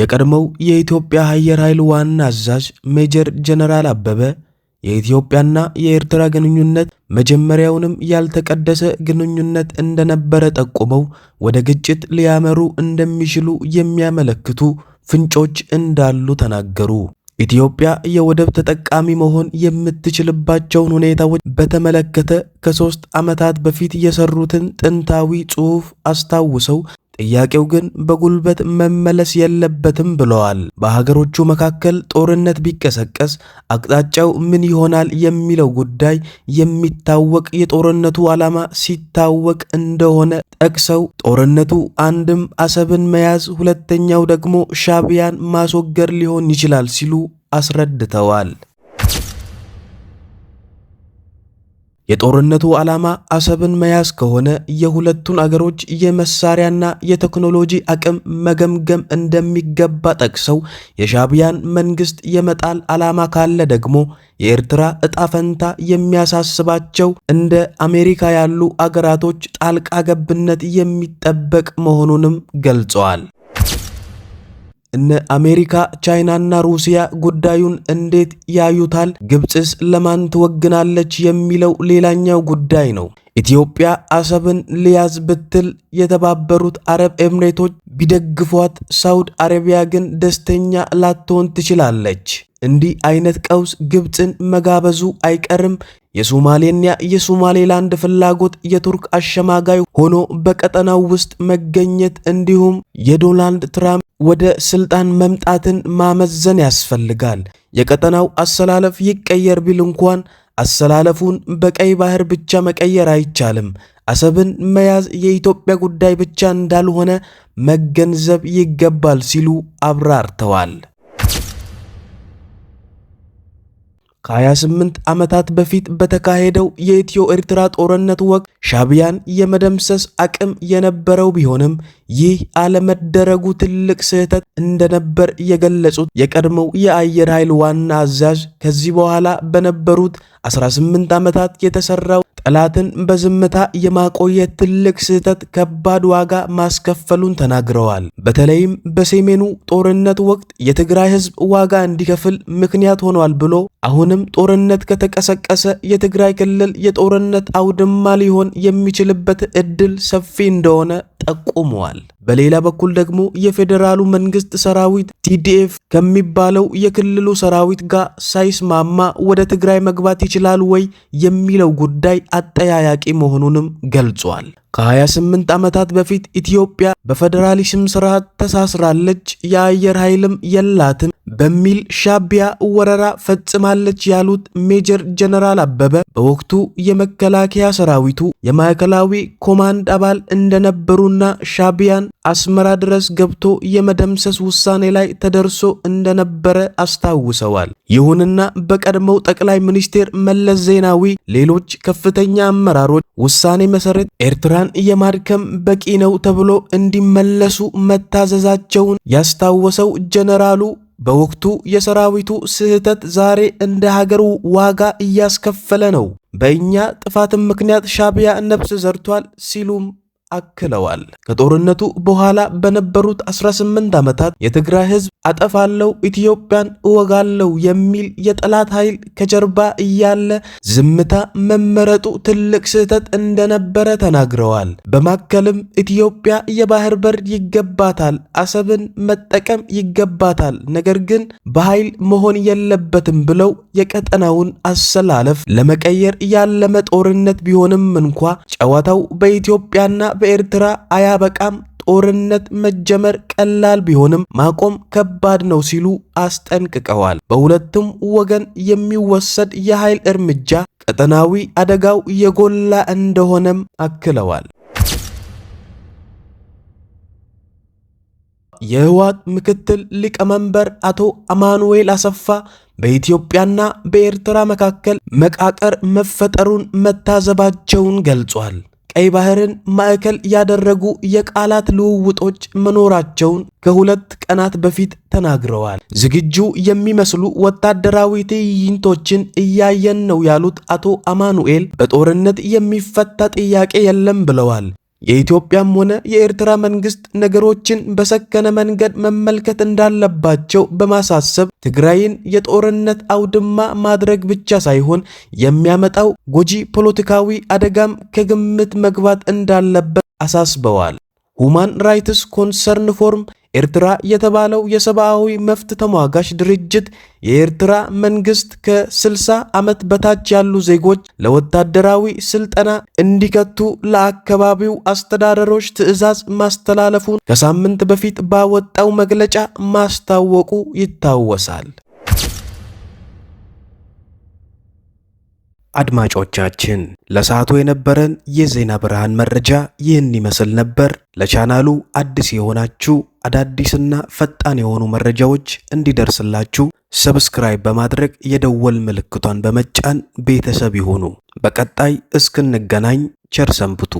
የቀድሞው የኢትዮጵያ አየር ኃይል ዋና አዛዥ ሜጀር ጀነራል አበበ የኢትዮጵያና የኤርትራ ግንኙነት መጀመሪያውንም ያልተቀደሰ ግንኙነት እንደነበረ ጠቁመው ወደ ግጭት ሊያመሩ እንደሚችሉ የሚያመለክቱ ፍንጮች እንዳሉ ተናገሩ። ኢትዮጵያ የወደብ ተጠቃሚ መሆን የምትችልባቸውን ሁኔታዎች በተመለከተ ከሦስት ዓመታት በፊት የሰሩትን ጥንታዊ ጽሑፍ አስታውሰው ጥያቄው ግን በጉልበት መመለስ የለበትም ብለዋል። በሀገሮቹ መካከል ጦርነት ቢቀሰቀስ አቅጣጫው ምን ይሆናል የሚለው ጉዳይ የሚታወቅ የጦርነቱ ዓላማ ሲታወቅ እንደሆነ ጠቅሰው ጦርነቱ አንድም አሰብን መያዝ፣ ሁለተኛው ደግሞ ሻቢያን ማስወገድ ሊሆን ይችላል ሲሉ አስረድተዋል። የጦርነቱ ዓላማ አሰብን መያዝ ከሆነ የሁለቱን አገሮች የመሳሪያና የቴክኖሎጂ አቅም መገምገም እንደሚገባ ጠቅሰው የሻቢያን መንግስት የመጣል ዓላማ ካለ ደግሞ የኤርትራ እጣፈንታ ፈንታ የሚያሳስባቸው እንደ አሜሪካ ያሉ አገራቶች ጣልቃ ገብነት የሚጠበቅ መሆኑንም ገልጸዋል። እነ አሜሪካ፣ ቻይናና ሩሲያ ጉዳዩን እንዴት ያዩታል? ግብፅስ ለማን ትወግናለች? የሚለው ሌላኛው ጉዳይ ነው። ኢትዮጵያ አሰብን ሊያዝ ብትል የተባበሩት አረብ ኤምሬቶች ቢደግፏት፣ ሳውዲ አረቢያ ግን ደስተኛ ላትሆን ትችላለች። እንዲህ አይነት ቀውስ ግብፅን መጋበዙ አይቀርም። የሶማሌና የሶማሌላንድ ፍላጎት የቱርክ አሸማጋይ ሆኖ በቀጠናው ውስጥ መገኘት እንዲሁም የዶናልድ ትራምፕ ወደ ስልጣን መምጣትን ማመዘን ያስፈልጋል። የቀጠናው አሰላለፍ ይቀየር ቢል እንኳን አሰላለፉን በቀይ ባህር ብቻ መቀየር አይቻልም። አሰብን መያዝ የኢትዮጵያ ጉዳይ ብቻ እንዳልሆነ መገንዘብ ይገባል ሲሉ አብራርተዋል። ከ28 ዓመታት በፊት በተካሄደው የኢትዮ ኤርትራ ጦርነት ወቅት ሻቢያን የመደምሰስ አቅም የነበረው ቢሆንም ይህ አለመደረጉ ትልቅ ስህተት እንደነበር የገለጹት የቀድሞው የአየር ኃይል ዋና አዛዥ ከዚህ በኋላ በነበሩት 18 ዓመታት የተሰራው ጠላትን በዝምታ የማቆየት ትልቅ ስህተት ከባድ ዋጋ ማስከፈሉን ተናግረዋል። በተለይም በሰሜኑ ጦርነት ወቅት የትግራይ ሕዝብ ዋጋ እንዲከፍል ምክንያት ሆኗል ብሎ አሁንም ጦርነት ከተቀሰቀሰ የትግራይ ክልል የጦርነት አውድማ ሊሆን የሚችልበት እድል ሰፊ እንደሆነ ጠቁመዋል። በሌላ በኩል ደግሞ የፌዴራሉ መንግስት ሰራዊት ቲዲኤፍ ከሚባለው የክልሉ ሰራዊት ጋር ሳይስማማ ወደ ትግራይ መግባት ይችላል ወይ የሚለው ጉዳይ አጠያያቂ መሆኑንም ገልጿል። ከ28 ዓመታት በፊት ኢትዮጵያ በፌዴራሊስም ስርዓት ተሳስራለች፣ የአየር ኃይልም የላትም በሚል ሻቢያ ወረራ ፈጽማለች ያሉት ሜጀር ጀነራል አበበ በወቅቱ የመከላከያ ሰራዊቱ የማዕከላዊ ኮማንድ አባል እንደነበሩና ሻቢያን አስመራ ድረስ ገብቶ የመደምሰስ ውሳኔ ላይ ተደርሶ እንደነበረ አስታውሰዋል። ይሁንና በቀድሞው ጠቅላይ ሚኒስቴር መለስ ዜናዊ ሌሎች ከፍተኛ አመራሮች ውሳኔ መሰረት ኤርትራን የማድከም በቂ ነው ተብሎ እንዲመለሱ መታዘዛቸውን ያስታወሰው ጀነራሉ በወቅቱ የሰራዊቱ ስህተት ዛሬ እንደ ሀገር ዋጋ እያስከፈለ ነው። በእኛ ጥፋትም ምክንያት ሻቢያ ነፍስ ዘርቷል ሲሉም አክለዋል። ከጦርነቱ በኋላ በነበሩት 18 ዓመታት የትግራይ ህዝብ አጠፋለው፣ ኢትዮጵያን እወጋለው የሚል የጠላት ኃይል ከጀርባ እያለ ዝምታ መመረጡ ትልቅ ስህተት እንደነበረ ተናግረዋል። በማከልም ኢትዮጵያ የባህር በር ይገባታል፣ አሰብን መጠቀም ይገባታል፣ ነገር ግን በኃይል መሆን የለበትም ብለው የቀጠናውን አሰላለፍ ለመቀየር ያለመ ጦርነት ቢሆንም እንኳ ጨዋታው በኢትዮጵያና በኤርትራ አያበቃም፣ ጦርነት መጀመር ቀላል ቢሆንም ማቆም ከባድ ነው ሲሉ አስጠንቅቀዋል። በሁለቱም ወገን የሚወሰድ የኃይል እርምጃ ቀጠናዊ አደጋው የጎላ እንደሆነም አክለዋል። የህወሓት ምክትል ሊቀመንበር አቶ አማኑኤል አሰፋ በኢትዮጵያና በኤርትራ መካከል መቃቀር መፈጠሩን መታዘባቸውን ገልጿል። ቀይ ባህርን ማዕከል ያደረጉ የቃላት ልውውጦች መኖራቸውን ከሁለት ቀናት በፊት ተናግረዋል። ዝግጁ የሚመስሉ ወታደራዊ ትዕይንቶችን እያየን ነው ያሉት አቶ አማኑኤል በጦርነት የሚፈታ ጥያቄ የለም ብለዋል። የኢትዮጵያም ሆነ የኤርትራ መንግስት ነገሮችን በሰከነ መንገድ መመልከት እንዳለባቸው በማሳሰብ ትግራይን የጦርነት አውድማ ማድረግ ብቻ ሳይሆን የሚያመጣው ጎጂ ፖለቲካዊ አደጋም ከግምት መግባት እንዳለበት አሳስበዋል። ሁማን ራይትስ ኮንሰርን ፎርም ኤርትራ የተባለው የሰብአዊ መብት ተሟጋች ድርጅት የኤርትራ መንግስት ከ60 ዓመት በታች ያሉ ዜጎች ለወታደራዊ ስልጠና እንዲከቱ ለአካባቢው አስተዳደሮች ትዕዛዝ ማስተላለፉን ከሳምንት በፊት ባወጣው መግለጫ ማስታወቁ ይታወሳል። አድማጮቻችን ለሰዓቱ የነበረን የዜና ብርሃን መረጃ ይህን ይመስል ነበር። ለቻናሉ አዲስ የሆናችሁ አዳዲስና ፈጣን የሆኑ መረጃዎች እንዲደርስላችሁ ሰብስክራይብ በማድረግ የደወል ምልክቷን በመጫን ቤተሰብ ይሁኑ። በቀጣይ እስክንገናኝ ቸር ሰንብቱ።